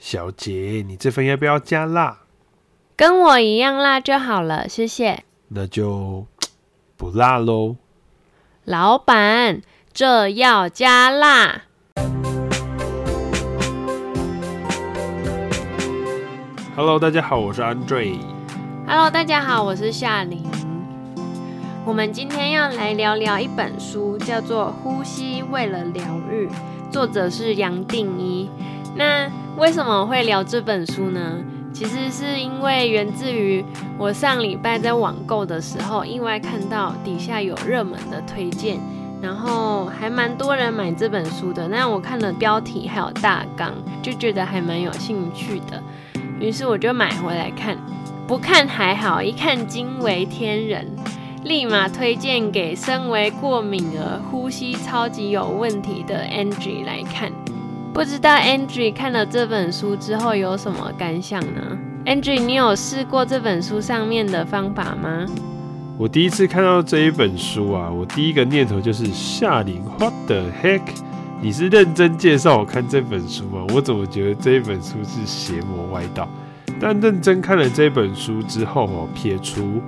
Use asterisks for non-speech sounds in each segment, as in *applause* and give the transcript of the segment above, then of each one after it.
小姐，你這份要不要加辣？跟我一樣辣就好了，謝謝。那就不辣嘍。老闆，這要加辣。Hello，大家好，我是 Andre。Hello，大家好，我是夏琳。我們今天要來聊聊一本書，叫做《呼吸為了療癒》，作者是楊定一。那為什麼我會聊這本書呢？其實是因為源自於我上禮拜在網購的時候，意外看到底下有熱門的推薦，然後還蠻多人買這本書的。那我看了標題還有大綱，就覺得還蠻有興趣的，於是我就買回來看。不看還好，一看驚為天人，立馬推薦給身為過敏兒呼吸超級有問題的 Angie 來看。不知道 Angie 看了這本書之後有什麼感想呢？Angie，你有試過這本書上面的方法嗎？我第一次看到這一本書啊，我第一個念頭就是夏林，What the heck？你是認真介紹我看這本書嗎？我怎麼覺得這一本書是邪魔歪道？但認真看了這本書之後哦、啊，撇除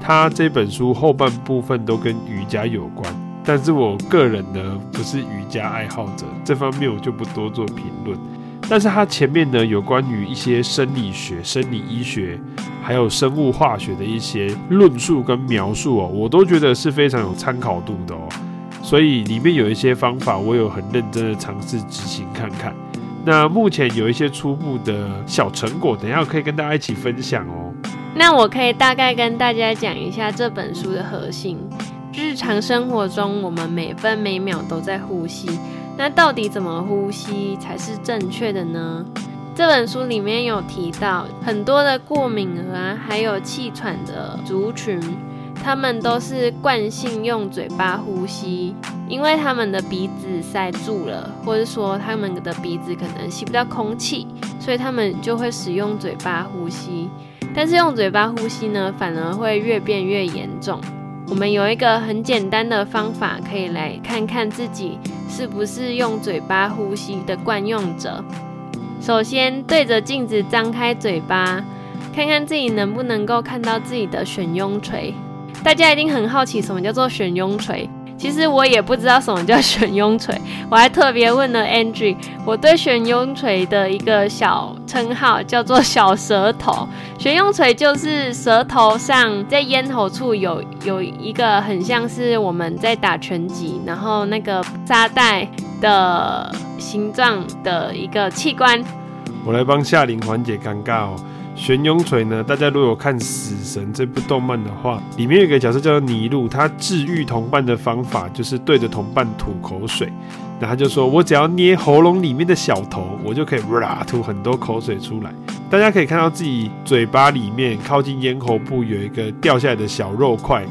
他這本書後半部分都跟瑜伽有關。但是我個人呢，不是瑜伽愛好者，這方面我就不多做評論。但是它前面呢，有關於一些生理學、生理醫學，還有生物化學的一些論述跟描述哦，我都覺得是非常有參考度的哦。所以裡面有一些方法，我有很認真的嘗試執行看看。那目前有一些初步的小成果，等下可以跟大家一起分享哦。那我可以大概跟大家講一下這本書的核心。日常生活中，我們每分每秒都在呼吸。那到底怎麼呼吸才是正確的呢？這本書裡面有提到，很多的過敏啊，還有氣喘的族群，他們都是慣性用嘴巴呼吸，因為他們的鼻子塞住了，或者說他們的鼻子可能吸不到空氣，所以他們就會使用嘴巴呼吸。但是用嘴巴呼吸呢，反而會越變越嚴重。我們有一個很簡單的方法，可以來看看自己是不是用嘴巴呼吸的慣用者。首先對着鏡子張開嘴巴，看看自己能不能夠看到自己的懸雍垂。大家一定很好奇，什麼叫做懸雍垂？其實我也不知道什麼叫懸雍垂，我還特別問了 Andrew，我對懸雍垂的一個小稱號叫做“小舌頭”。懸雍垂就是舌頭上在咽喉處有有一個很像是我們在打拳擊，然後那個沙袋的形狀的一個器官。我來幫夏玲緩解尷尬哦。懸雍垂呢？大家如果有看《死神》這部動漫的話，裡面有一個角色叫做尼路，他治癒同伴的方法就是對着同伴吐口水。那他就說：“我只要捏喉嚨裡面的小頭，我就可以哇吐很多口水出來。”大家可以看到自己嘴巴裡面靠近咽喉部有一個掉下來的小肉塊，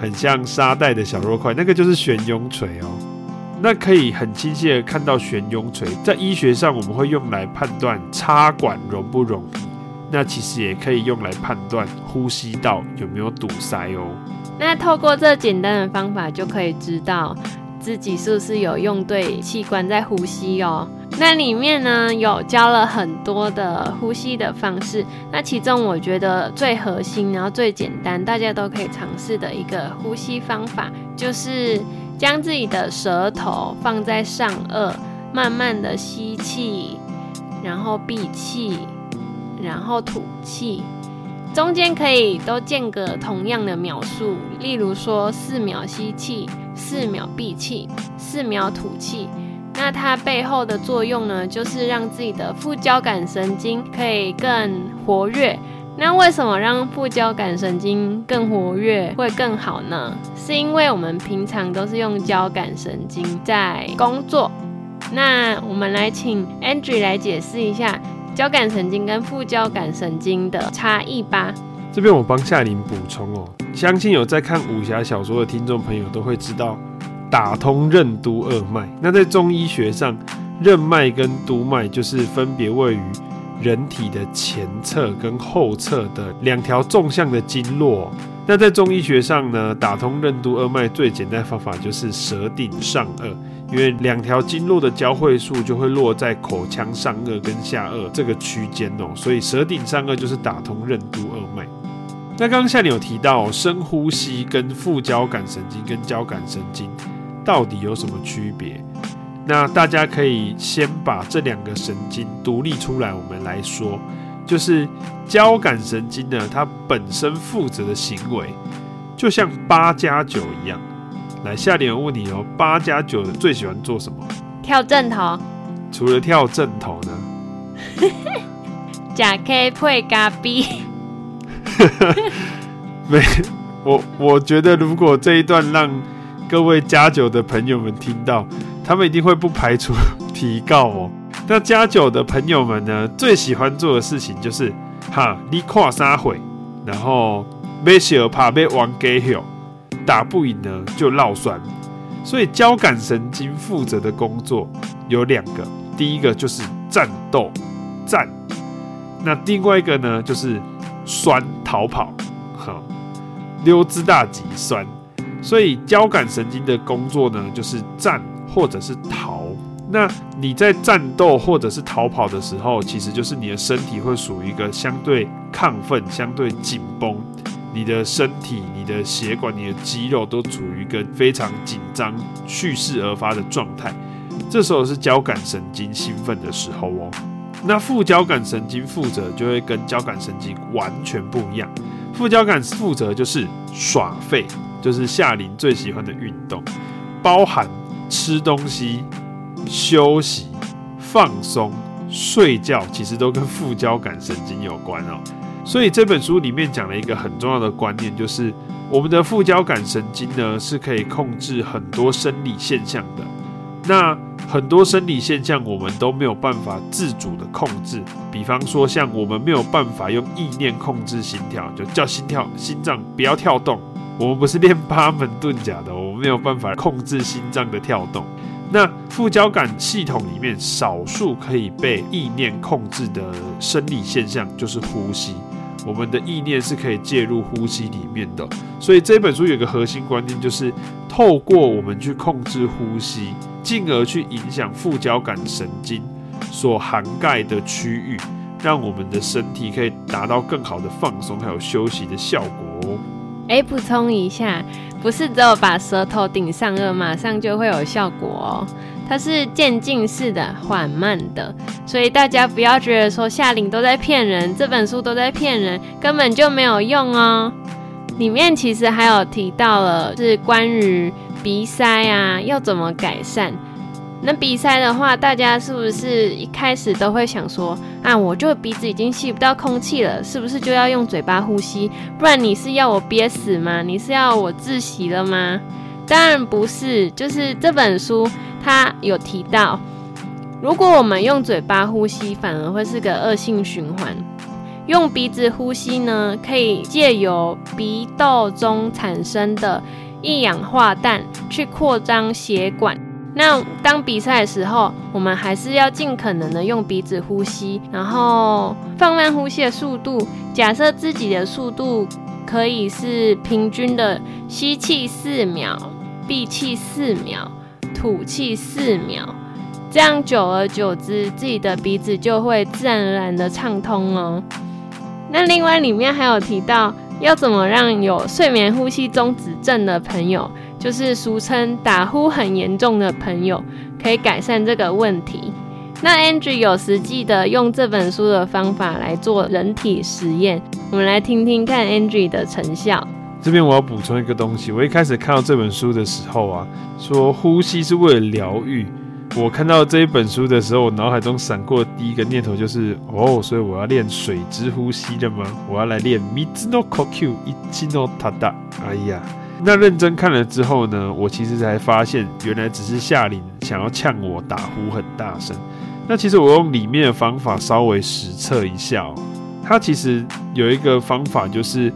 很像沙袋的小肉塊，那個就是懸雍垂哦。那可以很清晰地看到懸雍垂，在醫學上，我們會用來判斷插管容不容易。那其實也可以用來判斷呼吸道有沒有堵塞哦。那透過這簡單的方法，就可以知道自己是不是有用對器官在呼吸哦。那裡面呢，有教了很多的呼吸的方式。那其中我覺得最核心，然後最簡單，大家都可以嘗試的一個呼吸方法，就是將自己的舌頭放在上顎，慢慢的吸氣，然後閉氣。然後吐氣，中間可以都間隔同樣的秒數，例如說四秒吸氣，四秒閉氣，四秒吐氣。那它背後的作用呢，就是讓自己的副交感神經可以更活躍。那為什麼讓副交感神經更活躍會更好呢？是因為我們平常都是用交感神經在工作。那我們來請 Angie 來解釋一下。交感神經跟副交感神經的差異吧。這邊我幫夏玲補充哦，相信有在看武俠小說的聽眾朋友都會知道，打通任督二脈。那在中醫學上，任脈跟督脈就是分別位於人體的前側跟後側的兩條縱向的經絡哦。那在中醫學上呢，打通任督二脈最簡單的方法就是舌頂上顎。因為兩條經絡的交匯處就會落在口腔上顎跟下顎這個區間哦，所以舌頂上顎就是打通任督二脈。那剛剛下你有提到，哦，深呼吸跟副交感神經跟交感神經到底有什麼區別？那大家可以先把這兩個神經獨立出來，我們來說，就是交感神經呢，它本身負責的行為就像八加九一樣。來，下一位問題哦，八加九的最喜歡做什麼？跳陣頭。除了跳陣頭呢？嘿嘿，甲 K 配咖啡。沒， *laughs* *laughs* 我我覺得如果這一段讓各位加九的朋友們聽到，他們一定會不排除提告哦。那加九的朋友們呢，最喜歡做的事情就是哈，你跨啥會，然後沒小帕買王家香。打不贏呢，就繞酸。所以交感神經負責的工作有兩個，第一個就是戰鬥戰，那另外一個呢就是酸逃跑，哈，溜之大吉酸。所以交感神經的工作呢，就是戰或者是逃。那你在戰鬥或者是逃跑的時候，其實就是你的身體會屬於一個相對亢奮、相對緊繃。你的身體、你的血管、你的肌肉都處於一個非常緊張、蓄勢而發的狀態，這時候是交感神經興奮的時候哦。那副交感神經負責就會跟交感神經完全不一樣，副交感負責就是耍廢，就是夏林最喜歡的運動，包含吃東西、休息、放鬆、睡覺，其實都跟副交感神經有關哦。所以這本書裡面講了一個很重要的觀念，就是我們的副交感神經呢是可以控制很多生理現象的。那很多生理現象我們都沒有辦法自主的控制，比方說像我們沒有辦法用意念控制心跳，就叫心跳心臟不要跳動。我們不是練八門遁甲的，我們沒有辦法控制心臟的跳動。那副交感系統裡面，少數可以被意念控制的生理現象就是呼吸。我們的意念是可以介入呼吸裡面的，所以這本書有個核心觀念，就是透過我們去控制呼吸，進而去影響副交感神經所涵蓋的區域，讓我們的身體可以達到更好的放鬆還有休息的效果。哦欸，誒，補充一下。不是只有把舌頭頂上顎，馬上就會有效果哦、喔。它是漸進式的、緩慢的，所以大家不要覺得說夏林都在騙人，這本書都在騙人，根本就沒有用哦、喔。裡面其實還有提到了、就是關於鼻塞啊，要怎麼改善。那鼻塞的話，大家是不是一開始都會想說啊，我就鼻子已經吸不到空氣了，是不是就要用嘴巴呼吸？不然你是要我憋死嗎？你是要我窒息了嗎？當然不是，就是這本書它有提到，如果我們用嘴巴呼吸，反而會是個惡性循環。用鼻子呼吸呢，可以借由鼻竇中產生的一氧化氮去擴張血管。那當鼻塞的時候，我們還是要盡可能的用鼻子呼吸，然後放慢呼吸的速度。假設自己的速度可以是平均的，吸氣四秒，閉氣四秒，吐氣四秒，秒，這樣久而久之，自己的鼻子就會自然而然的暢通哦。那另外裡面還有提到，要怎麼讓有睡眠呼吸中止症的朋友。就是俗稱打呼很嚴重的朋友，可以改善這個問題。那 Andrew 有實際的用這本書的方法來做人體實驗，我們來聽聽看 Andrew 的成效。這邊我要補充一個東西，我一開始看到這本書的時候啊，說呼吸是為了療癒。我看到這一本書的時候，我腦海中閃過的第一個念頭就是：哦，所以我要練水之呼吸了嗎？我要來練 Mizuno Kokyu Ichino Tada。哎呀！那認真看了之後呢，我其實才發現，原來只是夏林想要嗆我打呼很大聲。那其實我用裡面的方法稍微實測一下喔，它其實有一個方法，就是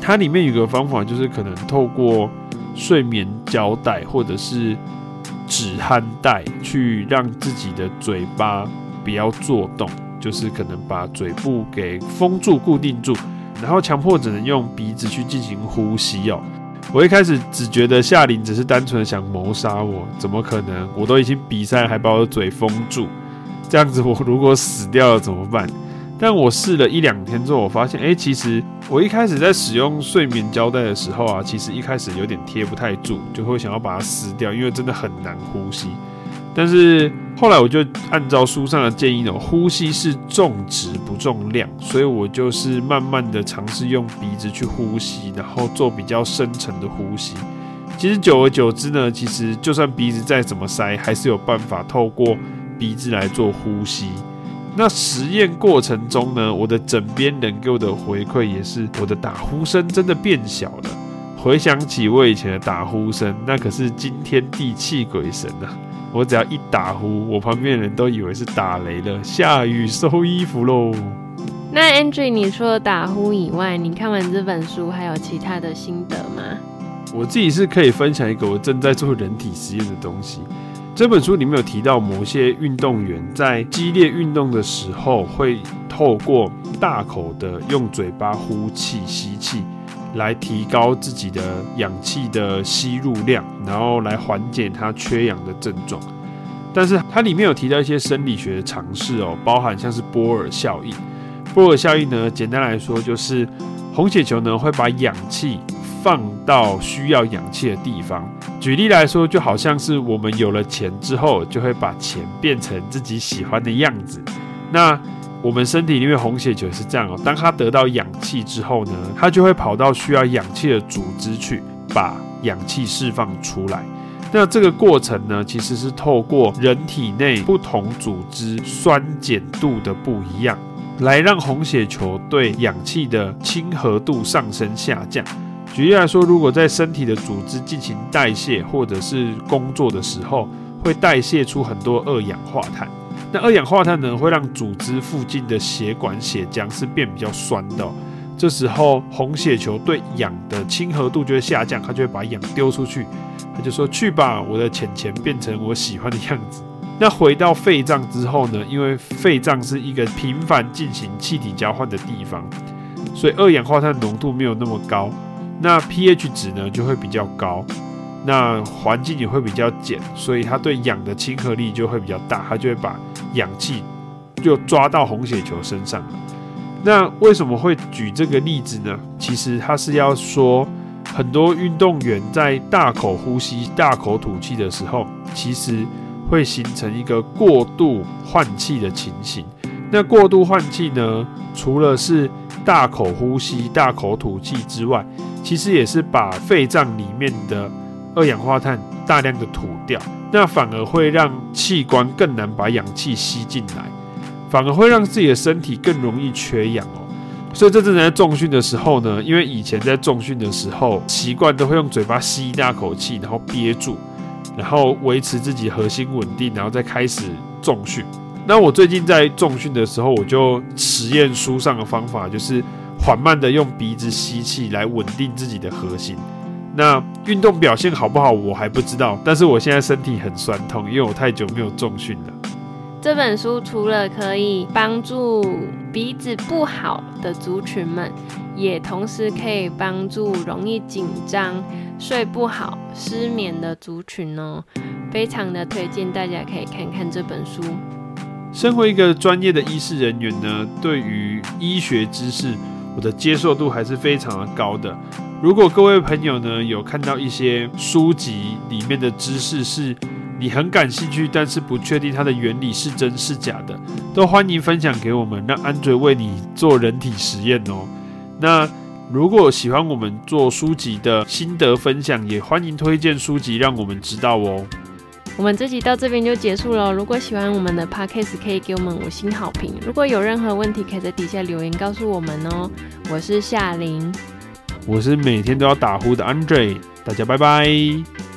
它裡面有一個方法，就是可能透過睡眠膠帶或者是止鼾帶去讓自己的嘴巴不要做動，就是可能把嘴部給封住固定住，然後強迫只能用鼻子去進行呼吸哦、喔。我一開始只覺得夏琳只是單純想謀殺我，怎麼可能？我都已經鼻塞，還把我的嘴封住，這樣子我如果死掉了怎麼辦？但我試了一兩天之後，我發現，誒、欸，其實我一開始在使用睡眠膠帶的時候啊，其實一開始有點貼不太住，就會想要把它撕掉，因為真的很難呼吸。但是後來我就按照書上的建議呢，呼吸是重質不重量，所以我就是慢慢的嘗試用鼻子去呼吸，然後做比較深層的呼吸。其實久而久之呢，其實就算鼻子再怎麼塞，還是有辦法透過鼻子來做呼吸。那實驗過程中呢，我的枕邊人給我的回饋也是，我的打呼聲真的變小了。回想起我以前的打呼聲，那可是驚天地泣鬼神吶、啊。我只要一打呼，我旁邊的人都以為是打雷了，下雨收衣服嘍。那 Andre，你除了打呼以外，你看完這本書還有其他的心得嗎？我自己是可以分享一個我正在做人體實驗的東西。這本書裡面有提到，某些運動員在激烈運動的時候，會透過大口的用嘴巴呼氣、吸氣。來提高自己的氧氣的吸入量，然後來緩解它缺氧的症狀。但是它裡面有提到一些生理學的常識哦，包含像是波爾效應。波爾效應呢，簡單來說就是紅血球呢會把氧氣放到需要氧氣的地方。舉例來說，就好像是我們有了錢之後，就會把錢變成自己喜歡的樣子。那我們身體裡面紅血球是這樣哦，當它得到氧氣之後呢，它就會跑到需要氧氣的組織去，把氧氣釋放出來。那這個過程呢，其實是透過人體內不同組織酸鹼度的不一樣，來讓紅血球對氧氣的親和度上升下降。舉例來說，如果在身體的組織進行代謝或者是工作的時候，會代謝出很多二氧化碳。那二氧化碳呢，會讓組織附近的血管血漿是變比較酸的哦。這時候紅血球對氧的親和度就會下降，它就會把氧丟出去。它就說：“去吧，我的錢錢變成我喜歡的樣子。”那回到肺臟之後呢？因為肺臟是一個頻繁進行氣體交換的地方，所以二氧化碳濃度沒有那麼高，那 pH 值呢，就會比較高。那環境也會比較鹼，所以它對氧的親和力就會比較大，它就會把氧氣就抓到紅血球身上了。那為什麼會舉這個例子呢？其實它是要說，很多運動員在大口呼吸、大口吐氣的時候，其實會形成一個過度換氣的情形。那過度換氣呢，除了是大口呼吸、大口吐氣之外，其實也是把肺臟裡面的。二氧化碳大量的吐掉，那反而會讓器官更難把氧氣吸進來，反而會讓自己的身體更容易缺氧哦。所以這陣子在重訓的時候呢，因為以前在重訓的時候習慣都會用嘴巴吸一大口氣，然後憋住，然後維持自己核心穩定，然後再開始重訓。那我最近在重訓的時候，我就實驗書上的方法，就是緩慢的用鼻子吸氣來穩定自己的核心。那運動表現好不好，我還不知道。但是我現在身體很痠痛，因為我太久沒有重訓了。這本書除了可以幫助鼻子不好的族群們，也同時可以幫助容易緊張、睡不好、失眠的族群哦，非常的推薦大家可以看看這本書。身為一個專業的醫事人員呢，對於醫學知識，我的接受度還是非常的高的。如果各位朋友呢，有看到一些書籍裡面的知識是你很感興趣，但是不確定它的原理是真是假的，都歡迎分享給我們，讓安卓為你做人體實驗哦。那如果喜歡我們做書籍的心得分享，也歡迎推薦書籍讓我們知道哦。我們這集到這邊就結束了哦。如果喜歡我們的 Podcast，可以給我們五星好評。如果有任何問題，可以在底下留言告訴我們哦。我是夏琳，我是每天都要打呼的 Andre。大家拜拜。